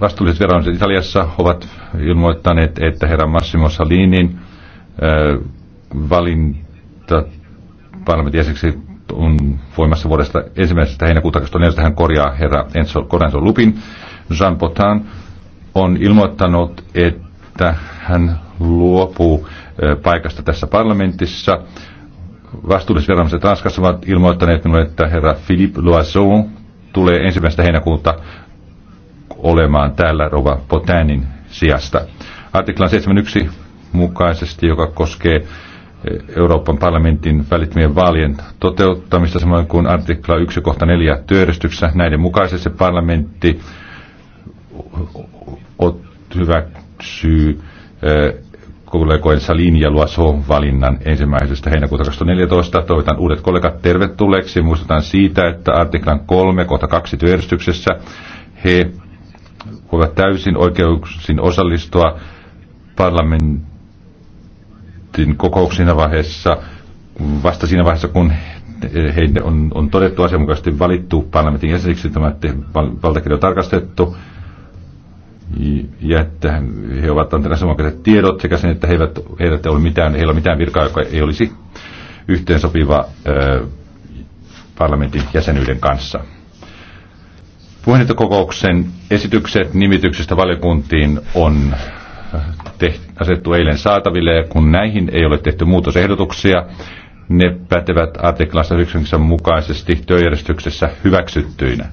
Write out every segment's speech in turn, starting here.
Vastuulliset viranomaiset Italiassa ovat ilmoittaneet, että herra Massimo Salinin valinta parlamentin on voimassa vuodesta ensimmäisestä heinäkuuta 2014. Hän korjaa herra Enzo Corenzo Lupin. Jean Potin on ilmoittanut, että hän luopuu paikasta tässä parlamentissa. Vastuulliset viranomaiset Ranskassa ovat ilmoittaneet minulle, että herra Philippe Loiseau tulee ensimmäistä heinäkuuta olemaan täällä Rova Potänin sijasta. Artiklan 71 mukaisesti, joka koskee eh, Euroopan parlamentin välittömien vaalien toteuttamista, samoin kuin artikla 1 kohta 4 työjärjestyksessä. Näiden mukaisesti parlamentti hyväksyy eh, kollegoinsa linja Soon valinnan ensimmäisestä heinäkuuta 2014. Toivotan uudet kollegat tervetulleeksi. Muistutan siitä, että artiklan 3 kohta 2 työjärjestyksessä he voivat täysin oikeuksin osallistua parlamentin kokouksina vaiheessa, vasta siinä vaiheessa, kun heille on, on todettu asianmukaisesti valittu parlamentin jäseniksi, tämä valtakirja on tarkastettu, ja että he ovat antaneet asianmukaiset tiedot sekä sen, että he eivät, heidät ei ole mitään, heillä ole mitään virkaa, joka ei olisi yhteensopiva ö, parlamentin jäsenyyden kanssa. Puheenjohtokokouksen esitykset nimityksestä valiokuntiin on eh, tehty, asettu eilen saataville, ja kun näihin ei ole tehty muutosehdotuksia, ne pätevät artiklassa 90 mukaisesti työjärjestyksessä hyväksyttyinä.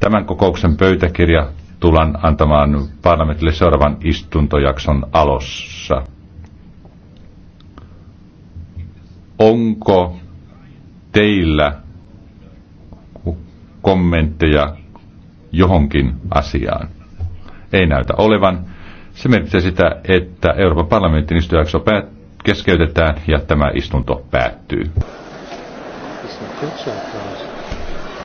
Tämän kokouksen pöytäkirja tullaan antamaan parlamentille seuraavan istuntojakson alossa. Onko teillä kommentteja johonkin asiaan. Ei näytä olevan. Se merkitsee sitä, että Euroopan parlamentin istujakso keskeytetään ja tämä istunto päättyy.